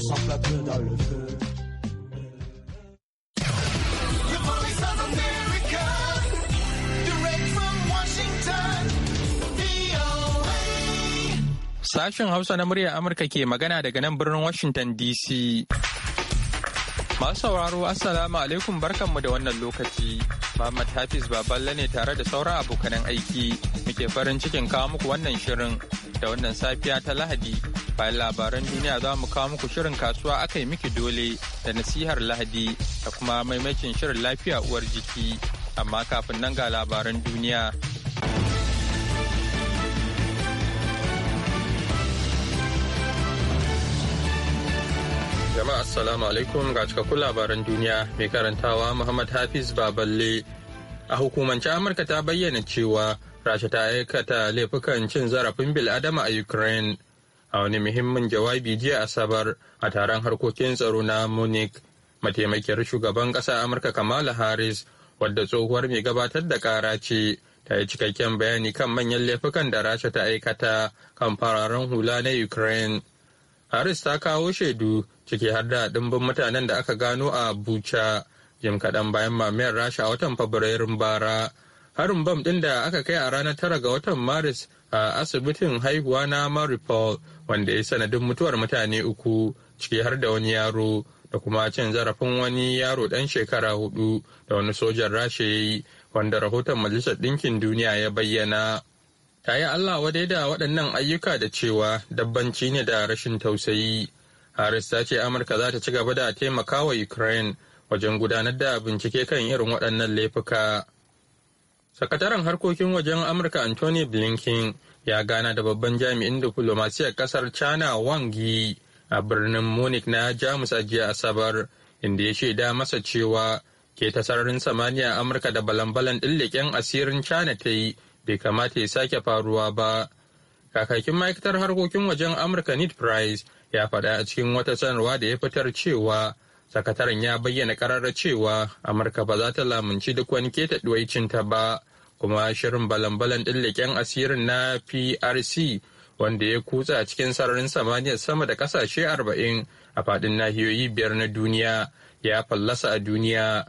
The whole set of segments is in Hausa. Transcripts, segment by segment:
Sashen Hausa na muryar Amurka ke magana daga nan birnin Washington DC. Masu sauraro Assalamu alaikum barkanmu da wannan lokaci. Muhammad Hafiz Baballe ne tare da sauran abokanan aiki muke farin cikin kawo muku wannan shirin da wannan safiya ta Lahadi. Bayan labaran duniya za mu kawo muku shirin kasuwa aka yi miki dole da nasihar Lahadi da kuma maimakin shirin lafiya uwar jiki. Amma kafin nan ga labaran duniya. Jama'a Assalamu alaikum ga cikakkun labaran duniya mai karantawa Muhammad Hafiz Baballe. A hukumance Amurka ta bayyana cewa rasha ta aikata laifukan cin zarafin bil'adama a ukraine a wani muhimmin jawabi jiya asabar a taron harkokin tsaro na munich mataimakiyar shugaban ƙasa amurka kamala harris wadda tsohuwar mai gabatar da kara ce ta yi cikakken bayani kan manyan laifukan da rasha ta aikata kan fararen hula na ukraine harris ta kawo shaidu ciki har da ɗimbin mutanen da aka gano a bucha jim kaɗan bayan mamayar rasha a watan fabrairun bara harin bam ɗin da aka kai a ranar tara ga watan maris a asibitin haihuwa na maripol wanda ya sanadin mutuwar mutane uku ciki har da wani yaro da kuma cin zarafin wani yaro ɗan shekara hudu da wani sojan rasha ya yi wanda rahoton majalisar ɗinkin duniya ya bayyana ta yi allah wadai da waɗannan ayyuka da cewa dabbanci ne da rashin tausayi haris ta ce amurka za ta ci gaba da taimakawa ukraine wajen gudanar da bincike kan irin waɗannan laifuka. Sakataren harkokin wajen Amurka Anthony Blinken ya gana da babban jami'in diflomasiyar kasar China Wang Yi a birnin Munich na Jamus a jiya Asabar, inda ya shaida masa cewa ke ta sararin samaniya Amurka da balan-balan ɗin asirin China ta yi bai kamata ya sake faruwa ba. Kakakin ma'aikatar harkokin wajen Amurka Ned Price ya faɗa a cikin wata sanarwa da ya fitar cewa sakataren ya bayyana ƙararra cewa Amurka ba za ta lamunci duk wani keta ɗuwaicinta ba. kuma shirin balan-balan ɗin leƙen asirin na PRC wanda ya kutsa cikin sararin samaniyar sama da ƙasashe 40 a faɗin nahiyoyi biyar na duniya ya fallasa a duniya.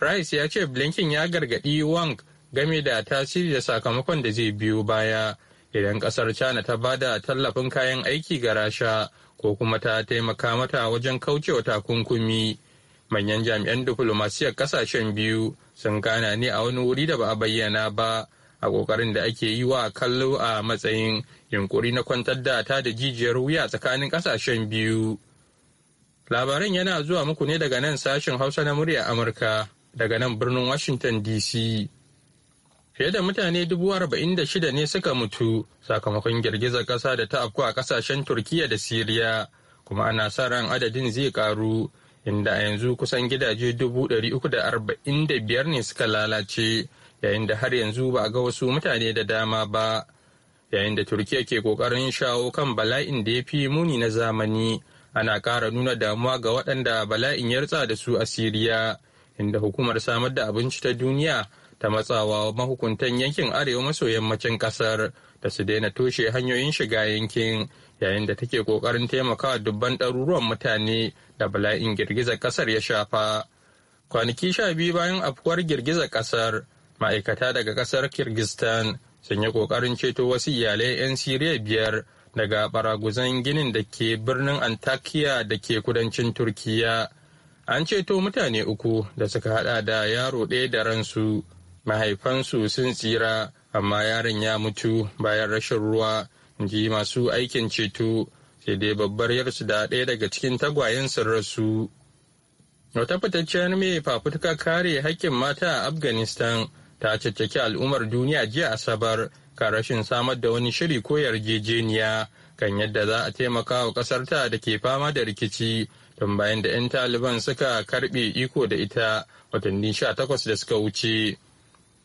Price ya ce Blinken ya gargaɗi Wang game da tasiri da sakamakon da zai biyo baya idan ƙasar China ta ba da tallafin kayan aiki ga Rasha ko kuma ta taimaka mata wajen kaucewa takunkumi. manyan jami'an diflomasiyyar kasashen biyu sun gana ne a wani wuri da ba a bayyana ba a kokarin da ake yi wa kallo a matsayin yunkuri na kwantar da ta da jijiyar wuya tsakanin kasashen biyu labaran yana zuwa muku ne daga nan sashen hausa na murya amurka daga nan birnin washington dc fiye da mutane dubu arba'in da shida ne suka mutu sakamakon girgizar ƙasa da ta afku a ƙasashen turkiya da siriya kuma ana sa ran adadin zai karu. inda a yanzu kusan gidaje 345 ne suka lalace yayin da har yanzu ba a ga wasu mutane da dama ba yayin da turkiya ke kokarin shawo kan bala'in da ya fi muni na zamani ana kara nuna damuwa ga waɗanda bala'in ya rutsa da su a siriya inda hukumar samar da abinci ta duniya ta matsawa mahukuntan yankin arewa maso yammacin ƙasar da su daina toshe hanyoyin shiga yankin yayin da take kokarin taimakawa dubban ɗaruruwan mutane da bala'in girgizar kasar ya shafa kwanaki sha biyu bayan afkuwar girgizar kasar ma'aikata daga kasar kirgistan sun yi ƙoƙarin ceto wasu iyalai 'yan siriya biyar daga baraguzan ginin da ke birnin antakya da ke kudancin turkiya an ceto mutane uku da suka hada da yaro ɗaya da ransu mahaifansu sun tsira amma yaron ya mutu bayan rashin ruwa ji masu aikin ceto sai dai babbar yarsu da ɗaya daga cikin tagwayen sun rasu. Wata fitaccen mai fafutuka kare haƙƙin mata a Afghanistan ta caccaki al'ummar duniya jiya Asabar ka rashin samar da wani shiri ko yarjejeniya kan yadda za a taimaka wa ƙasarta da ke fama da rikici tun bayan da 'yan taliban suka karɓe iko da ita watanni sha takwas da suka wuce.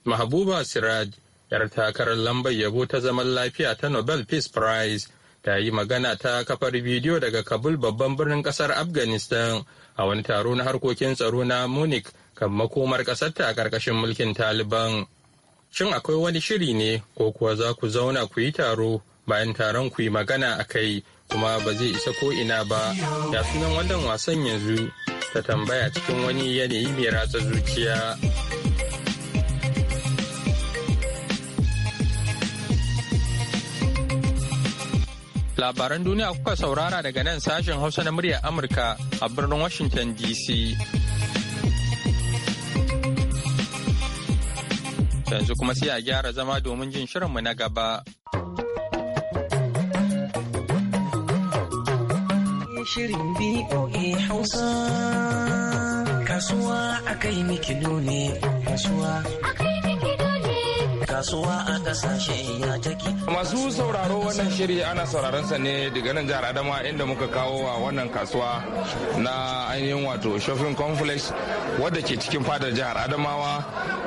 Mahabuba Siraj 'yar takarar lambar yabo ta zaman lafiya ta Nobel Peace Prize ta yi magana ta kafar bidiyo daga Kabul babban birnin kasar Afghanistan a wani taro na harkokin tsaro na Munich kan makomar kasar ta a ƙarƙashin mulkin Taliban. Shin akwai wani shiri ne ko kuwa za ku zauna ku yi taro bayan taron ku yi magana a kai kuma ba zai isa ko ina ba ya sunan wannan wasan yanzu ta tambaya cikin wani yanayi mai ratsa zuciya. Labaran duniya kuka saurara daga nan sashen Hausa na muryar Amurka a birnin Washington DC. Yanzu kuma sai a gyara zama domin jin shirinmu na gaba. Shirin BOA Hausa Kasuwa akai miki ne Kasuwa kasuwa a kasashe ya take. Masu sauraro wannan shiri ana sauraron sa ne daga nan jihar Adama inda muka kawo wa wannan kasuwa na ainihin wato shopping complex wadda ke cikin fadar jihar Adamawa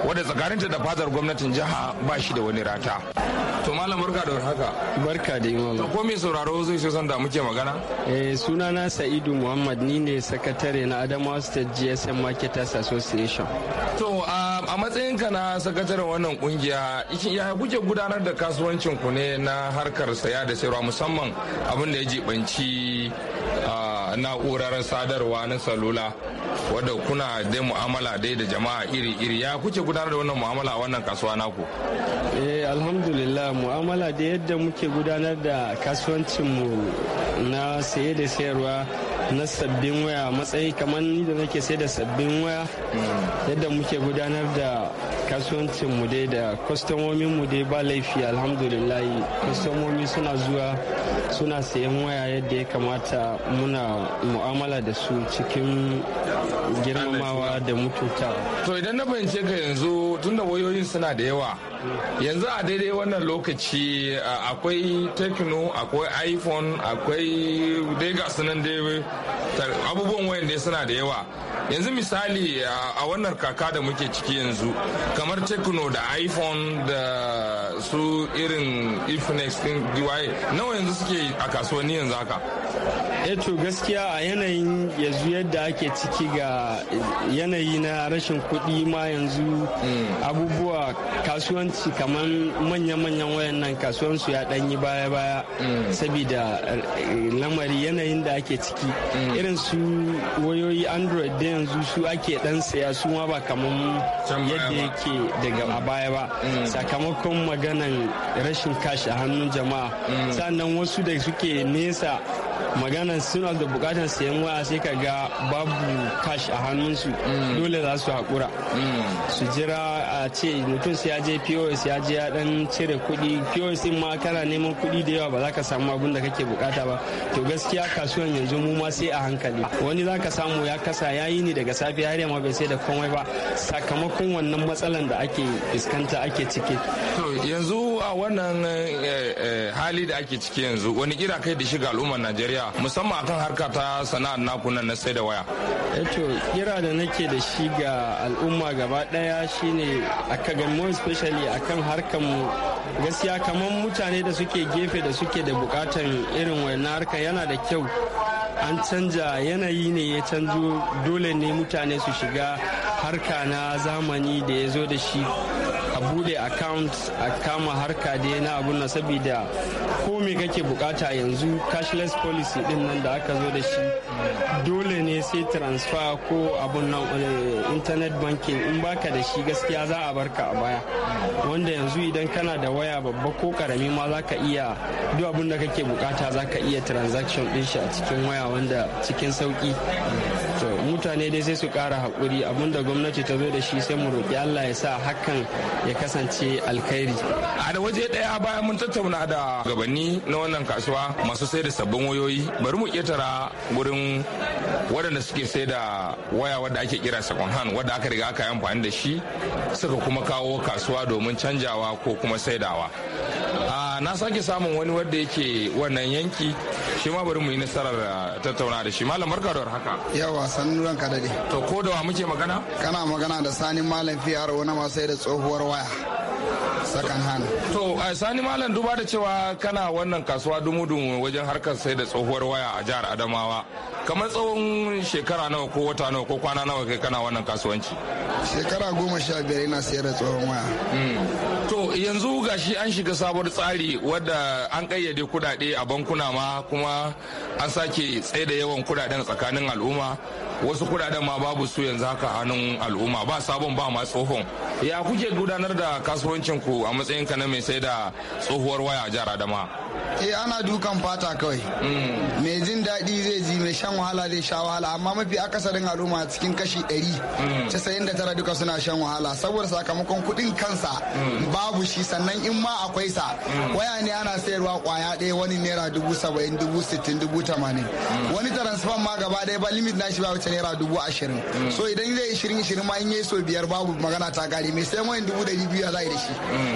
wadda tsakaninta da fadar gwamnatin jiha ba shi da wani rata. To malam barka da haka. Barka da imam. To ko mai sauraro zai so san da muke magana? Eh na Sa'idu Muhammad ni ne sakatare na Adamawa State GSM Marketers Association. To a matsayinka na sakataren wannan kungiya ya kuke gudanar da kasuwancin ku ne na harkar saya da sayarwa musamman abin da ya jibanci na'urar sadarwa na salula wadda kuna dai mu'amala dai da jama'a iri-iri ya kuke gudanar da wannan mu'amala a wannan kasuwa naku eh alhamdulillah mu'amala da yadda muke gudanar da kasuwancinmu na saye da sayarwa na sabbin waya matsayi kamar ni da nake saye da sabbin waya hmm. yadda muke gudanar da kasuwancin mu dai da kwastomomin mu dai ba laifi alhamdulillah kwastomomi suna zuwa suna sayan waya yadda ya kamata muna mu'amala da su cikin girmamawa da mutunta to idan na fahimce ka yanzu tunda wayoyin suna da yawa yanzu a daidai wannan lokaci akwai tekno akwai iphone akwai dai ga sunan dai abubuwan wayan dai suna da yawa yanzu misali a wannan kaka da muke ciki yanzu kamar tekno da iphone da su irin ifnex din diwaye nawa yanzu suke a kasuwanni yanzu haka eto eh, gaskiya a yanayin yanzu yadda ake ciki ga yanayi na rashin kuɗi ma yanzu mm. abubuwa kasuwanci kamar manya-manyan wayannan kasuwansu ya ɗanyi baya-baya mm. saboda eh, lamari yanayin da ake ciki mm. irin su wayoyi android da yanzu su ake ɗan saya su ma ba kamar yadda yake daga a baya ba sakamakon maganan rashin kashi a hannun jama'a sannan wasu da suke nesa magana suna da bukatar sayan waya sai ka ga babu cash a hannun su. Mm. dole za su haƙura mm. su jira a ce mutum sai ya je pos ya je ya dan cire kuɗi pos ma kana neman kuɗi da yawa ba za ka samu abin da kake bukata ba to gaskiya kasuwan yanzu mu ma sai a hankali wani za ka samu ya kasa ya yi ni daga safiya har yamma bai sai da komai ba sakamakon wannan matsalan da ake fuskanta ake ciki to yanzu a wannan eh, eh, hali da ake ciki yanzu wani kira kai da shiga al'ummar najeriya najeriya musamman akan harka ta sana'ar naku nan na sai da waya eto eh kira da nake da shi ga al'umma gaba daya shine a mu especially akan harkar mu gaskiya kamar mutane da suke gefe da suke da bukatan irin wannan harka yana da kyau an canja yanayi ne ya canzo dole ne mutane su shiga harka na zamani da ya zo da shi a bude account a kama harka dai na abun na saboda ko me kake bukata yanzu cashless policy din nan da aka zo da shi dole ne sai transfer ko abun nan eh, internet banking in baka da shi gaskiya za a barka a baya wanda yanzu idan kana da waya babba ko karami ma za ka iya duk abun da kake bukata za ka iya transaction din shi a cikin waya wanda cikin sauki to mutane dai sai su kara haƙuri abinda gwamnati ta zo da shi sai mu roƙi allah ya sa hakan ya kasance alkhairi a da waje daya bayan mun tattauna da gabanni na wannan kasuwa masu sai da sabbin wayoyi bari mu ƙetara gurin waɗanda suke sai da waya wadda ake kira second hand wadda aka riga aka yi amfani da shi suka kuma kawo kasuwa domin canjawa ko kuma saidawa na sake samun wani wanda yake wannan yanki shi ma bari mu yi nasarar eh, tattauna da shi malam barka da haka yawa sannu ranka dade to ko da wa muke magana kana magana da sani malam fiyar wani sai da tsohuwar waya sakan hannu to a eh, sani malam duba da cewa kana wannan kasuwa dumudun wajen harkar sai da tsohuwar waya a jihar adamawa kamar tsawon shekara nawa ko wata nawa ko kwana nawa kai kana wannan kasuwanci shekara goma sha biyar ina sayar da tsohon waya hmm. to yanzu ga shi an shiga sabuwar tsari wadda an kayyade kudade a bankuna ma kuma an sake tsaida yawan kudaden tsakanin al'umma wasu kudaden ma babu su yanzu haka hannun al'umma ba sabon ba ma tsohon ya kuke gudanar da kasuwancin ku a matsayin ka na mai sai da tsohuwar waya a jihar adama eh ana dukan fata kawai hmm. mai jin daɗi zai ji mai shan wahala zai sha wahala amma mafi akasarin al'umma cikin kashi 100 hmm. tara duka suna shan wahala saboda sakamakon kuɗin kansa hmm. babu fushi sannan in ma akwai sa mm. waya ne ana sayarwa kwaya ɗaya wani naira dubu saba'in dubu sittin dubu tamanin mm. wani transfer ma gaba ɗaya ba limit na shi ba wuce naira dubu ashirin mm. so idan zai yi shirin shirin ma in yi so biyar babu magana ta gari mai sayan wayan dubu ɗari biyu za a yi da shi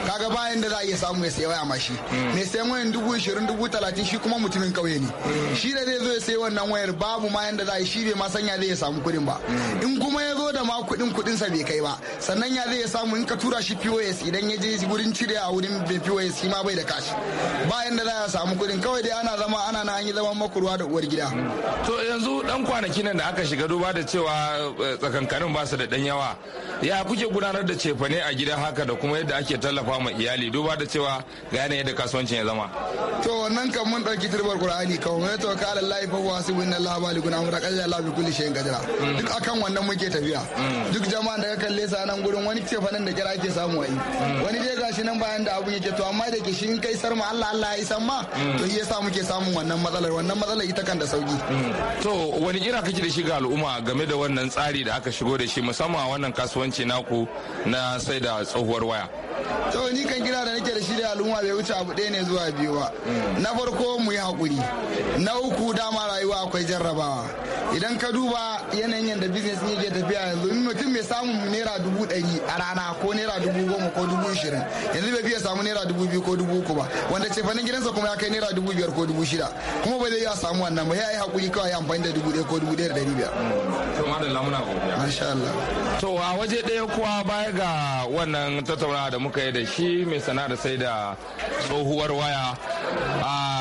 kaga bayan da za a iya samu mai sayi waya ma shi mai sayan wayan dubu ishirin dubu talatin shi kuma mutumin kauye ne shi da zai zo ya sayi wannan wayar babu ma yanda za a yi shi bai ma sanya zai ya samu kuɗin ba in kuma ya zo da ma kuɗin kuɗinsa bai kai ba sannan ya zai ya samu in ka tura shi pos idan ya je wurin cire a wurin POS shi ma bai da kashi ba yanda za a samu kuɗin kawai dai ana zama ana na an yi zaman makurwa da uwar gida to yanzu dan kwanaki nan da aka shiga duba da cewa eh, tsakankanin ba su da dan yawa ya kuke gudanar da cefane a gida haka da kuma yadda ake tallafa ma iyali duba da cewa ga yanayin yadda kasuwancin ya zama to wannan kan mun dauki turbar qur'ani kan wani to ka alallahi fa huwa sibu inna allaha mu da qad Allah bi kulli shay'in qadira mm. duk akan wannan muke tafiya mm. duk jama'an da ka kalle sa nan gurin wani cefanen da kira ake samu ayi mm. wani dai gashi nan bayan da abun yake to amma da ke shi in kai sarma Allah Allah ya isan ma to shi yasa muke samun wannan matsalar wannan matsalar ita kan da sauki to wani kira kake da shi ga al'umma game da wannan tsari da aka shigo da shi musamman a wannan kasuwanci kasuwanci naku na sai da tsohuwar waya to ni kan kira da nake da shi da al'umma bai wuce abu ɗaya ne zuwa biyu ba na farko mu yi hakuri na uku dama rayuwa akwai jarrabawa idan ka duba yanayin yadda business ne ke tafiya yanzu in mutum mai samun naira dubu ɗari a rana ko naira dubu goma ko dubu ishirin yanzu bai fiye samu naira dubu biyu ko dubu uku ba wanda ce fanin gidansa kuma ya kai naira dubu biyar ko dubu shida kuma ba zai iya samu wannan ba ya yi hakuri kawai ya amfani da dubu ɗaya ko dubu ɗaya da ɗari biyar. to madalla muna godiya. masha Allah. to a waje ɗaya kuwa baya ga wannan tattaunawa da muka yi da shi mai sana'ar sai da tsohuwar waya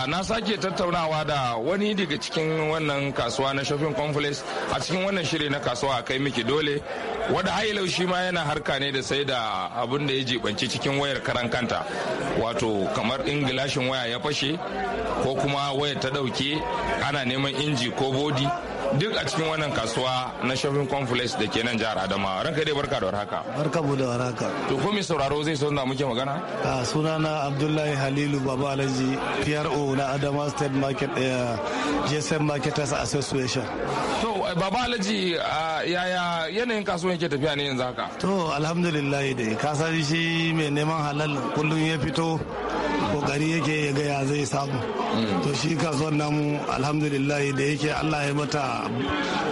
na sake tattaunawa da wani daga cikin wannan kasuwa na shopping complex a cikin wannan shirin na kasuwa kai miki dole wadda hailau shi ma yana harka ne da sai da abin da ya jibanci cikin wayar karan kanta wato kamar in gilashin waya ya fashe ko kuma wayar ta dauke ana neman inji ko bodi duk a cikin wannan kasuwa na shopping complex da ke nan jihar adama ranka dai barka da warhaka barka mu da warhaka to ko mai sauraro zai so da muke magana a sunana abdullahi halilu baba alhaji pro na adama state market eh, gsm marketers association to eh, baba alhaji yaya yanayin kasuwan ke tafiya ne yanzu haka to alhamdulillah dai ka san shi mai neman halal kullum ya fito kokari yake ya gaya zai samu to shi kasuwar namu alhamdulillah da yake allah ya mata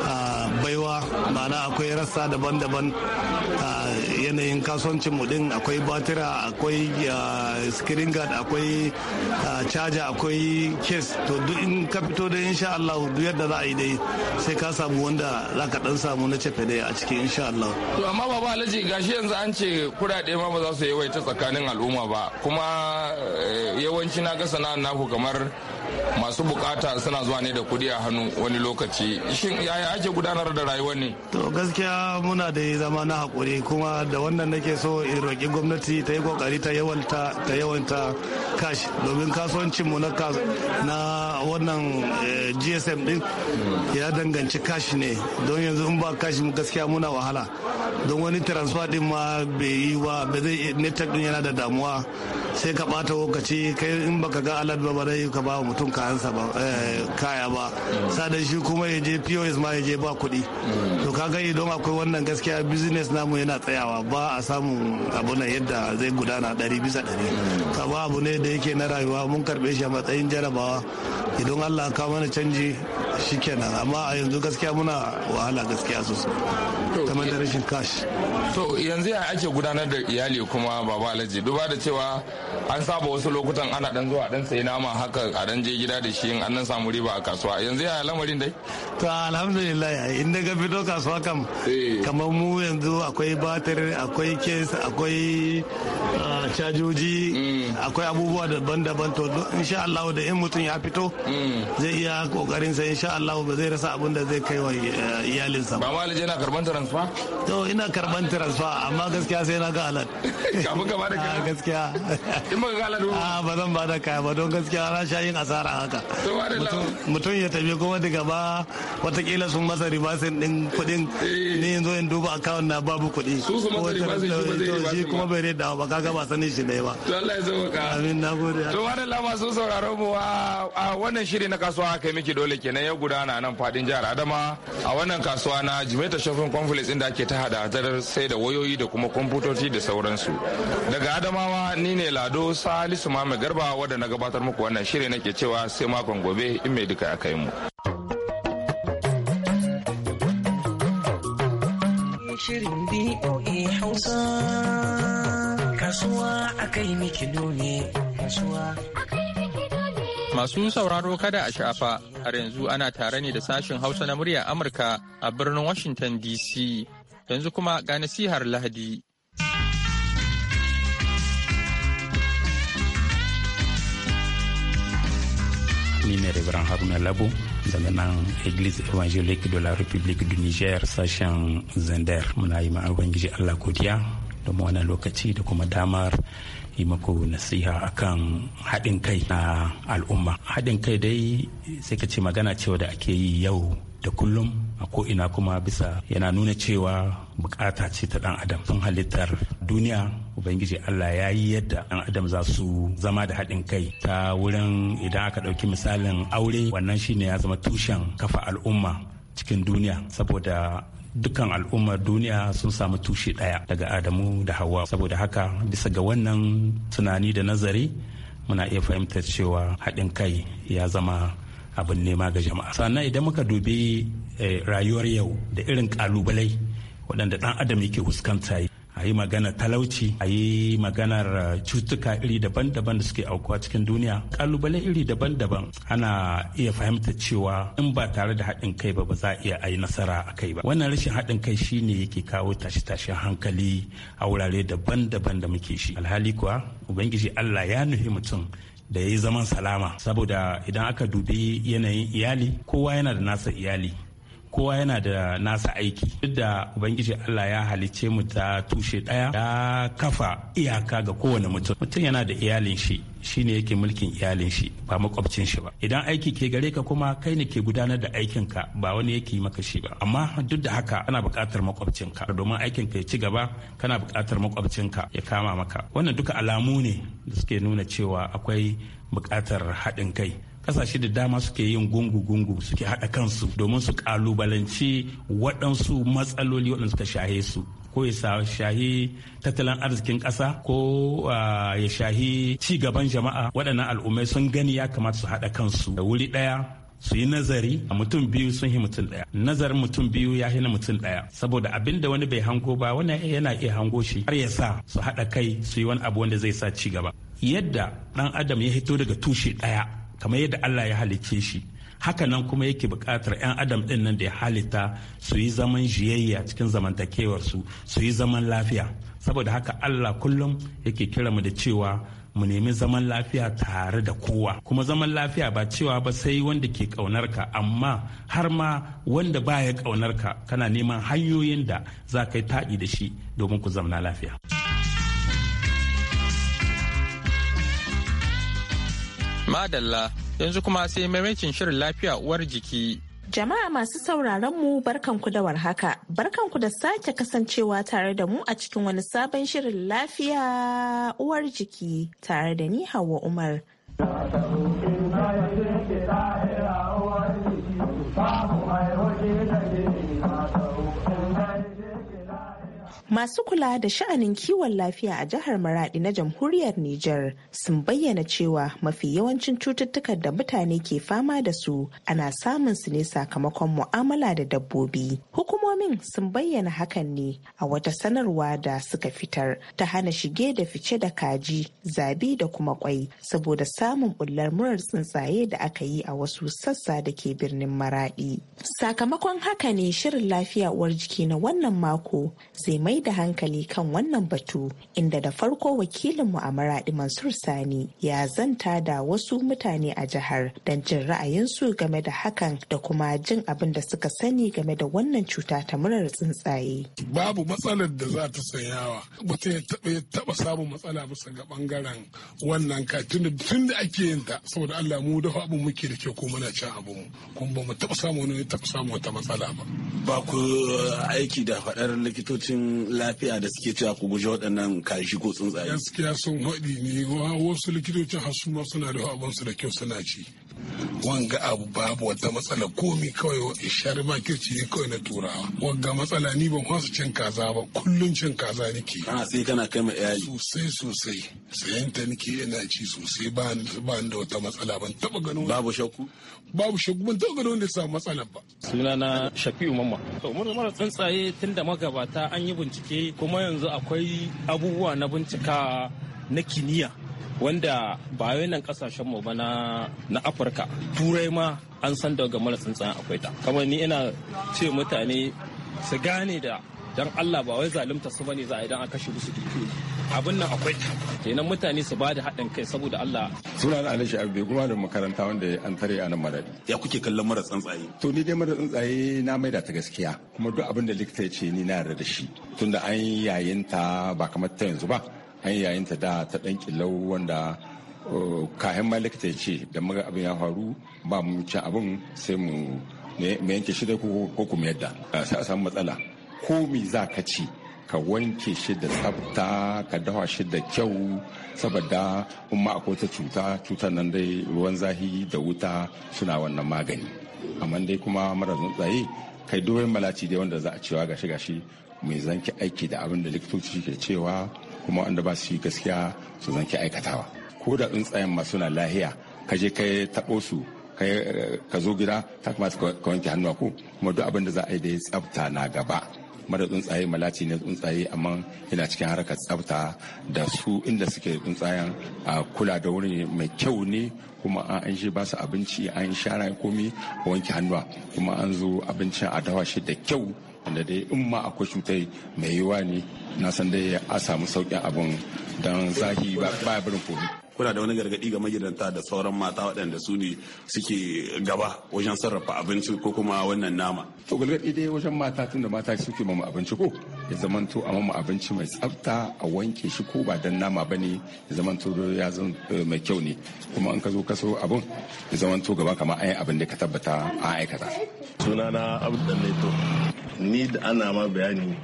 ah, baiwa ma'ana akwai rassa daban-daban a yanayin kasuwancin mu din akwai batira akwai screen guard akwai charger akwai case to duk in ka fito da insha Allah duk yadda za a yi dai sai ka samu wanda za ka dan samu na cefe dai a cikin insha Allah to amma baba Alhaji gashi yanzu an ce kudade ma ba za su yawaita tsakanin al'umma ba kuma eh, yawanci na ga sana'ar naku kamar masu bukata suna zuwa ne da kuɗi a hannu wani lokaci shin yaya ake gudanar da rayuwar ne to gaskiya muna da zama na hakuri kuma da wannan nake so in roƙi gwamnati ta yi kokari ta yawanta ta yawanta cash domin kasuwancin mu na na wannan eh, GSM din ya danganci cash ne don yanzu in ba cash mu gaskiya muna wahala don wani transfer din ma bai yi ba ba zai network din yana da damuwa sai ka bata lokaci kai in baka ga alad ba ba ka ba mutum ka kayansa ba eh, kaya ba sadan shi kuma ya je pos ma ya je ba kuɗi to kaga idan akwai wannan gaskiya business namu yana tsayawa ba a samun abu na yadda zai gudana ɗari bisa ɗari ba abu ne da yake na rayuwa mun karbe shi a matsayin jarabawa idan allah ka mana canji kenan amma a yanzu gaskiya muna wahala gaskiya sosai kamar da rashin kashi to yanzu ya ake gudanar da iyali kuma baba alhaji duba da cewa an saba wasu lokutan ana dan zuwa dan sai nama haka a dan je gida da shi in an samu riba a kasuwa yanzu ya lamarin dai to alhamdulillah in daga fito kasuwa kam eh. kamar mu yanzu akwai batir akwai case akwai ah, cajoji mm. akwai abubuwa daban-daban to insha Allah da in mutum ya fito mm. zai iya kokarin sai insha Allah ba zai rasa abin da zai kai wa eh, iyalinsa ba ma yana karban transfer to ina karban transfer amma gaskiya sai na ga alad kafin ka bada kaya ah, gaskiya in ba ga alad ba ah, ba zan bada kaya ba don gaskiya na sha yin asara haka mutum ya tafi kuma daga ba watakila sun masa ribasin din kudin eh. ne yanzu in duba akawun na babu kudi. su su masa ribasin shi ba zai shi kuma bai reda ba kaga ba sanin shi ne ba to Allah ya sauka amin na gode. to wannan lama sun sauraro mu a wannan shiri na kasuwa kai miki dole kenan yau gudana nan fadin jihar adama a wannan kasuwa na jimeta shopping complex inda ake ta hada hadar sai da wayoyi da kuma kwamfutoci da sauransu daga adamawa ni ne lado salisu mame garba wadda na gabatar muku wannan shirin nake cewa sai makon gobe in mai duka ya kai mu shirin BOA Hausa. Kasuwa a kai Kasuwa Masu sauraro kada a shafa, har yanzu ana tare ne da sashen Hausa na murya Amurka a birnin Washington DC. Yanzu kuma ga nasihar Lahadi. Ni ne Reverend Haruna Labo daga nan Église évangélique de la République du Niger sashen Zender. Muna yi ma Ubangiji Allah godiya domin wani lokaci da kuma damar yi mako nasiha akan haɗin kai na al'umma haɗin kai dai sai ka ce magana cewa da ake yi yau da kullum a ko ina kuma bisa yana nuna cewa bukata ce ta dan adam tun halittar duniya ubangiji allah ya yi yadda ɗan adam za su zama da haɗin kai ta wurin idan aka ɗauki misalin aure wannan shine ya zama tushen kafa al'umma cikin duniya saboda dukkan al'ummar duniya sun samu tushe ɗaya daga adamu da hawa saboda haka bisa ga wannan tunani da nazari muna iya fahimtar cewa haɗin kai ya zama abin nema ga jama'a sannan idan muka dubi eh, rayuwar yau da irin ƙalubalai waɗanda ɗan adam yake fuskanta a yi magana talauci a yi maganar uh, cutuka iri daban-daban da suke aukuwa cikin duniya kalubale iri daban-daban ana iya fahimta cewa in ba tare da haɗin kai ba ba za a iya a yi nasara a kai ba wannan rashin haɗin kai shi ne yake kawo tashe-tashen hankali a wurare daban-daban da muke shi alhali kuwa ubangiji allah ya nufi mutum da ya yi zaman salama saboda idan aka dubi yanayin iyali kowa yana da nasa iyali kowa yana da nasa aiki duk da ubangiji allah ya halicce mu ta tushe daya ya kafa iyaka ga kowane mutum mutum yana da iyalin shi shine yake mulkin iyalin shi ba makwabcin shi ba idan aiki ke gare ka kuma kai ne ke gudanar da aikin ka ba wani yake maka shi ba amma duk da haka ana buƙatar makwabcin ka domin aikin ka ya ci gaba kana buƙatar makwabcin ka ya kama maka wannan duka alamu ne da suke nuna cewa akwai buƙatar haɗin kai kasashe da dama suke yin gungu-gungu suke haɗa kansu domin su kalubalanci waɗansu matsaloli waɗanda suka shahe su ko ya shahi tattalin arzikin ƙasa ko ya shahi ci gaban jama'a waɗannan al'ummai sun gani ya kamata su haɗa kansu da wuri ɗaya su yi nazari a mutum biyu sun yi mutum ɗaya nazarin mutum biyu ya hina mutum ɗaya saboda abin da wani bai hango ba wani yana iya hango shi har ya sa su haɗa kai su yi wani abu wanda zai sa ci gaba yadda ɗan adam ya hito daga tushe ɗaya kamar yadda Allah ya halicce shi haka nan kuma yake buƙatar 'yan adam ɗin nan da ya halitta su yi zaman jiyayya cikin zamantakewarsu su yi zaman lafiya saboda haka Allah kullum yake kira mu da cewa mu nemi zaman lafiya tare da kowa kuma zaman lafiya ba cewa ba sai wanda ke ƙaunarka amma har ma wanda baya ƙaunar ka kana neman hanyoyin da za ka yi taɗi da shi domin ku zamna lafiya. Madalla yanzu kuma sai maimakin shirin lafiya uwar jiki. Jama'a masu sauraron mu barkanku da warhaka. Barkanku da sake kasancewa tare da mu a cikin wani sabon shirin lafiya uwar jiki tare da ni hawa Umar. Masu kula da sha'anin kiwon lafiya a jihar Maradi na jamhuriyar Nijar sun bayyana cewa mafi yawancin cututtukan da mutane ke fama da su ana samun su ne sakamakon mu'amala da dabbobi. Hukumomin sun bayyana hakan ne a wata sanarwa da suka fitar ta hana shige da fice da kaji, zabi da kuma kwai saboda samun bullar murar tsuntsaye da aka yi a wasu sassa da ke birnin Maradi. Sakamakon haka ne shirin lafiya uwar jiki na wannan mako zai mai da hankali kan wannan batu inda da farko wakilinmu a Maradi Mansur Sani ya zanta da wasu mutane a jihar don jin ra'ayinsu game da hakan da kuma jin abin da suka sani game da wannan cuta ta murar tsuntsaye. Babu matsalar da za ta sayawa mutum ya taɓa samun matsala bisa ga bangaren wannan ka tun da ake yin ta saboda Allah mu da abin muke da ke ko muna cin abin mu kun ba mu taɓa samu wani taɓa samu wata matsala ba. Ba ku aiki da faɗar likitocin lafiya da suke cewa ku guje waɗannan kashi ko tsuntsaye. Gaskiya sun faɗi ne wasu likitoci su ma suna da su da kyau suna ci. Wanga abu babu wata matsala komi kawai ishar ma kirci ne kawai na turawa. Wanga matsala ni ban kwasa cin kaza ba kullum cin kaza nake. A sai kana kai ma iyali. Sosai sosai sayan ta nake yana ci sosai ba ba da wata matsala ban taɓa ganin. Babu shakku. Babu shakku ban taɓa ganin wanda ya samu matsala ba. Sunana Shafi'u Mamma. Mara tsuntsaye tun da magabata an yi bincike bincike kuma yanzu akwai abubuwa na bincika na kiniya wanda ba nan kasashen mu ba na afirka turai ma an san daga mara tsantsan akwai ta kamar ni ina ce mutane su gane da dan allah ba wai zalunta su ne za a idan aka kashe musu dukiyoyi abin nan akwai ta kenan mutane su bada haɗin kai saboda Allah suna na Alishi Abdi kuma da makaranta wanda an tare a nan Maradi ya kuke kallon mara tsuntsaye to ni dai mara tsuntsaye na maida ta gaskiya kuma duk abin da likita ya ce ni na yarda da shi tunda an yayin ta ba kamar ta yanzu ba an yayin ta da ta dan killau wanda kayan ma likita ce da muga abin ya faru ba mu ci abin sai mu yanke shi da ko kuma yadda sai a samu matsala ko mi za ka ci ka wanke shi da tsafta ka dawa shi da kyau saboda kuma akwai ta cuta cutar nan dai ruwan zahi da wuta suna wannan magani amma dai kuma mara tsuntsaye kai doyen malaci dai wanda za a cewa gashi gashi mai zanki aiki da abin da likitoci ke cewa kuma wanda ba su yi gaskiya su zanki aikatawa ko da tsuntsayen masu na lahiya ka je ka taɓo su ka zo gida ta kamata ka wanke hannu ko kuma duk abin da za a yi da ya tsafta na gaba mara tsuntsaye malaci ne tsuntsaye amma yana cikin harkar tsafta da su inda suke tsuntsayen a kula da wurin mai kyau ne kuma an shi ba su abinci an shara komi a wanke hannuwa kuma an zo abincin a dawa shi da kyau wanda dai in ma akwai cutai mai yiwa ne na san dai a samu sauƙin abin don zahi ba ya birin komi. kuna da wani gargadi ga magidanta da sauran mata waɗanda su ne suke gaba wajen sarrafa abinci ko kuma wannan nama to gargadi dai wajen mata tunda mata suke mamu abinci ko ya zamanto a mamu abinci mai tsafta a wanke shi ko ba dan nama ba ne ya zamanto ya zan eh, mai kyau ne kuma an ka zo ka abin abun ya zamanto gaba kamar an yi abin da ka tabbata a aikata sunana abu ni da ana ma bayani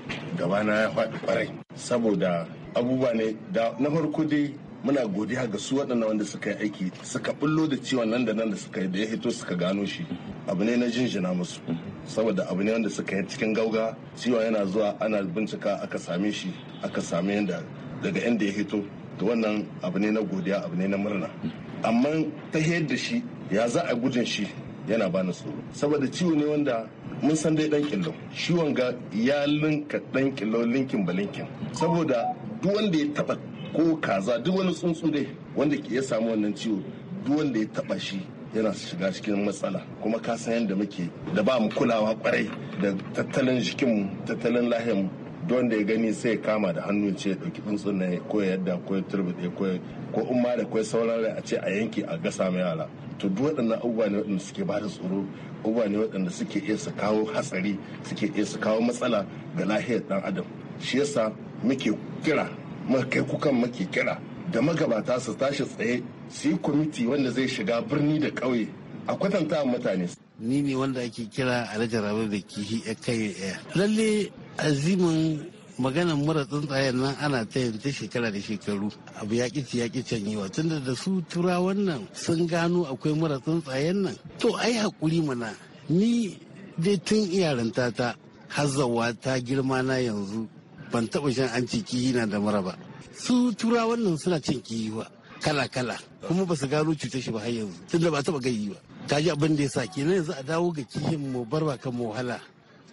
na ya faɗi kwarai saboda abubuwa ne da na farko dai muna godiya ga su waɗanda wanda suka yi aiki suka bullo da ciwon nan da nan da suka yi da ya hito suka gano shi abu ne na jinjina musu saboda abu ne wanda suka yi cikin gauga ciwon yana zuwa ana bincika aka same shi aka same yadda daga inda ya hito to wannan abu ne na godiya abu ne na murna amma ta da shi ya za a gudun shi yana bani tsoro saboda ciwo ne wanda mun san dai dan killo ciwon ga ya linka dan killo linkin ba linkin saboda duk wanda ya taba ko kaza duk wani tsuntsu dai wanda ya samu wannan ciwo duk wanda ya taba shi yana shiga cikin matsala kuma ka san yadda muke da ba mu kulawa kwarai da tattalin jikinmu tattalin lahiyarmu duk wanda ya gani sai ya kama da hannu ce ya ɗauki tsuntsun na ko yadda ko ya turbide ko ko in da ko sauran rai a ce a yanke a gasa mai yara to duk waɗannan abubuwa ne waɗanda suke ba da tsoro abubuwa ne waɗanda suke iya su kawo hatsari suke iya su kawo matsala ga lahiyar dan adam shi yasa muke kira kai kukan maki kira da magabata su tashi tsaye su yi kwamiti wanda zai shiga birni da ƙauye a kwatanta mutane. Ni ne wanda ake kira a rajar rabu da kihi a kai Lalle azimin maganan mura tsuntsayen nan ana ta ta shekara da shekaru abu ya ƙi ya ƙi yiwa tunda da su tura wannan sun gano akwai mura tsuntsayen nan to ai haƙuri mana ni dai tun iyaranta ta hazawa ta girma na yanzu ban taɓa shan an ce kihi na da mura ba su turawan nan suna cin kihi ba kala kala kuma ba su gano cutar shi ba har yanzu tunda ba taɓa gani ba kaji abin da ya sa kenan yanzu a dawo ga kihin mu barba kan mu wahala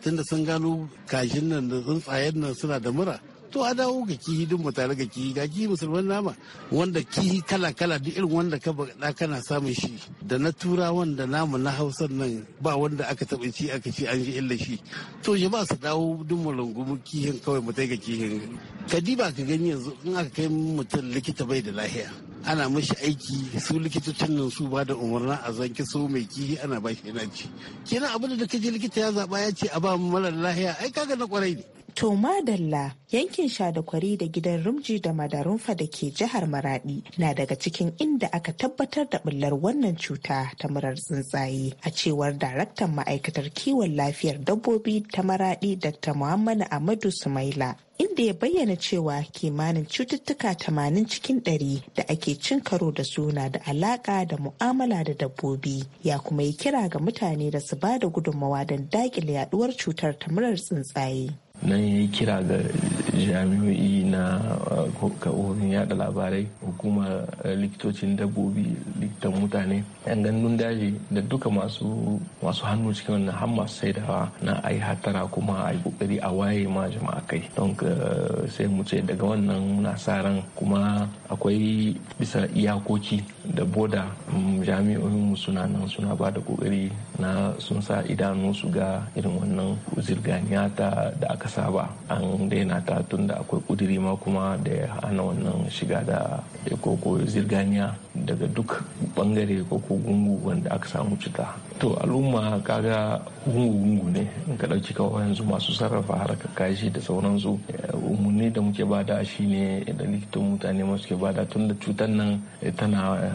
tunda sun gano kashin nan da tsuntsayen nan suna da mura to a dawo ga kihi din mutane ga kihi ga kihi musulman nama wanda kihi kala kala duk irin wanda ka bada kana samun shi da na tura wanda namu na hausan nan ba wanda aka taba ci aka ci an ji illa shi to ya ba su dawo duk mu rungumi kihin kawai mu ga kihin kadiba ka gani yanzu in aka kai mutum likita bai da lahiya ana mashi aiki su likitocin nan su ba da umarna a zanki so mai kihi ana ba shi yana ci kenan abin da kaje likita ya zaba ya ce a ba mu mara lahiya ai kaga na kwarai ne To madalla yankin shadakwari da gidan rumji da madarunfa da ke jihar maradi na daga cikin inda aka tabbatar da bullar wannan cuta ta murar tsuntsaye a cewar daraktan ma'aikatar kiwon lafiyar dabbobi ta maradi dr muhammadu amadu sumaila inda ya bayyana cewa kimanin cututtuka tamanin cikin ɗari da ake cin karo da suna da alaƙa da mu'amala da dabbobi ya kuma yi kira ga mutane da su ba da gudunmawa don daƙile yaduwar cutar ta murar tsuntsaye. nan ya yi kira ga jami'o'i na uh, ka'orin yada labarai kuma eh, likitocin dabbobi likitan mutane yan gandun daji da duka masu masu hannu cikin wannan har masu saidawa na ai hatara kuma ai kokari a waye ma jama'a kai don eh, sai mu ce daga wannan nasaran kuma akwai bisa iyakoki da boda mm, jami'o'in suna nan suna ba da kokari na sun sa idanu su ga irin wannan zirganiya ta da aka saba an daina ta tun da akwai kudiri ma kuma da hana wannan shiga da ko zirganiya daga duk bangare ko gungu wanda aka samu cuta to al'umma kaga gungu-gungu ne in ka ɗauki kawai yanzu masu sarrafa harkar kashi da sauransu umarni da muke bada shi ne da likitan mutane masu ke bada tun da cutar nan tana eh,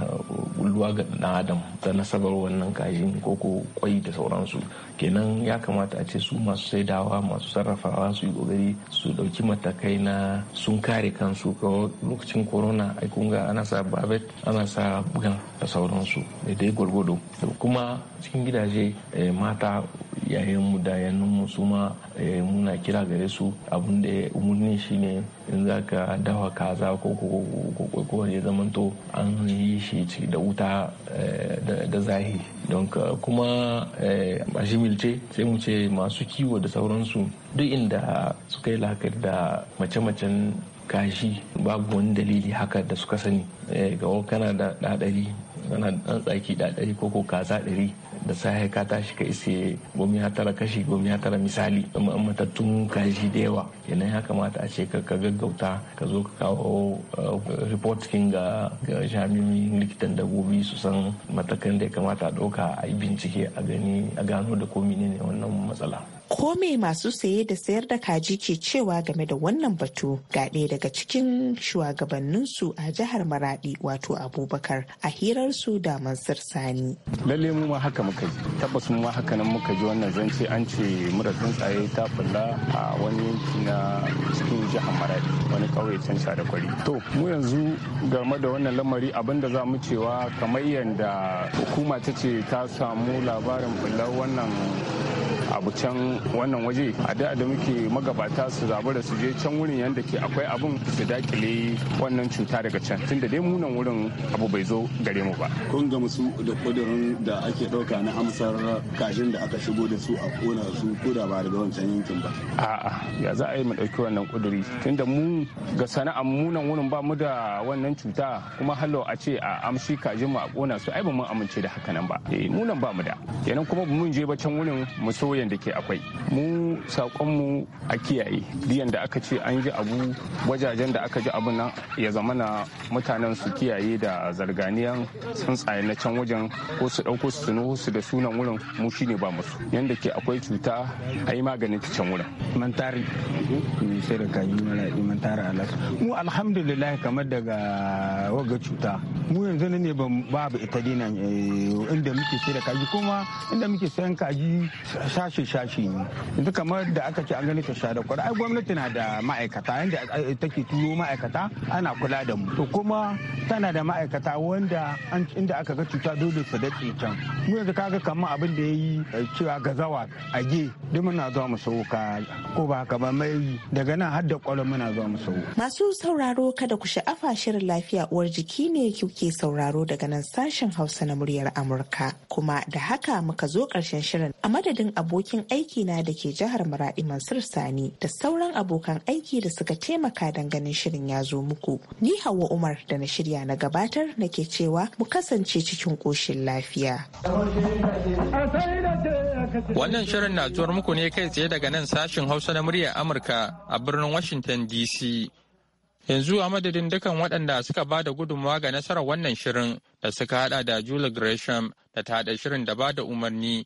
bulwa ga ɗan adam ta nasabar wannan kashi ko ko kwai da sauransu kenan ya kamata a ce su masu saidawa masu sarrafawa su yi kokari su ɗauki matakai na sun kare kansu lokacin corona ai kun ga ana sa babet ana sa bugan da sauransu da dai gwargwado kuma cikin gidaje eh, mata yayin mu da mu su ma eh, muna kira gare su abun da ya umarni ne in za ka dawa kaza ko ko ya zamanto an yi shi da wuta eh, da zahi don kuma a ce sai mu ce masu kiwo da sauransu duk inda suka yi lakar da mace-macen kashi babu wani dalili haka da suka sani ga kana da ɗaɗari kana ɗan tsaki ɗaɗari ko ko kaza ɗari da sahi ka tashi ka isa gomi tara kashi gomi tara misali matattun kashi da yawa yana ya kamata a ce ka gaggauta ka zo ka kawo eh, report ga jami'in likitan gobi su san matakan da ya kamata a ɗauka a yi bincike a gani a gano da ko ne wannan matsala. ko me masu saye da sayar da kaji ke cewa game da wannan batu ga ɗaya daga cikin shugabanninsu a jihar maradi wato abubakar a hirarsu da mansur sani lalle mu ma haka muka ji tabbas mu ma haka nan muka ji wannan zance an ce mura tsuntsaye ta fulla a wani yanki na cikin jihar maradi wani kauye can sha da kwari to mu yanzu game da wannan lamari abinda za mu cewa kamar yadda hukuma ta ce ta samu labarin bullar wannan abu can wannan waje a da da muke magabata su zabi da su je can wurin yadda ke akwai abun su dakile wannan cuta daga can tunda dai munan wurin abu bai zo gare mu ba kun ga musu da kudirin da ake dauka na amsar kashin da aka shigo da su a kona su ko da ba daga wancan yankin ba a'a ya za a yi mu dauki wannan kuduri tunda mu ga sana'a munan wurin ba mu da wannan cuta kuma hallo a ce a amshi kajin mu a kona su ai ba mun amince da haka nan ba eh ba mu da kenan kuma mun je ba can wurin mu so sauyin da ke akwai mu sakonmu a kiyaye diyan da aka ce an ji abu wajajen da aka ji abu nan ya zama na mutanen su kiyaye da zarganiyan tsuntsaye na can wajen ko su ɗauko su tuno su da sunan wurin mu shine ba musu yanda ke akwai cuta a yi maganin ta can wurin mantari mai sai da kayi mantari a lasu mu alhamdulillah kamar daga waga cuta mu yanzu ne babu ita dinan eh, inda muke sai da kaji kuma inda muke sayan kaji shashe sashe ne yanzu kamar da aka ce an gani ta sha da kwara ai gwamnati na da ma'aikata yanda take turo ma'aikata ana kula da mu to kuma tana da ma'aikata wanda inda aka ga cuta dole su daɗe can mu yanzu kaga kamar abin da ya yi eh, cewa gazawa a ge duk muna zuwa mu sau ka ko ba haka ba mai daga nan har da kwalon muna zuwa mu sau. masu sauraro kada ku sha'afa shirin lafiya uwar jiki ne ke sauraro daga nan sashen hausa na muryar amurka kuma da haka muka zo ƙarshen shirin a madadin abu abokin aiki na da ke jihar Maradi Mansur Sani da sauran abokan aiki da suka taimaka don ganin shirin ya zo muku. Ni Hauwa Umar da na shirya na gabatar nake cewa mu kasance cikin koshin lafiya. Wannan shirin na zuwar muku ne kai tsaye daga nan sashin Hausa na muryar Amurka a birnin Washington DC. Yanzu a madadin dukan waɗanda suka ba da gudunmawa ga nasarar wannan shirin da suka hada da Julie Gresham da ta haɗa shirin da ba da umarni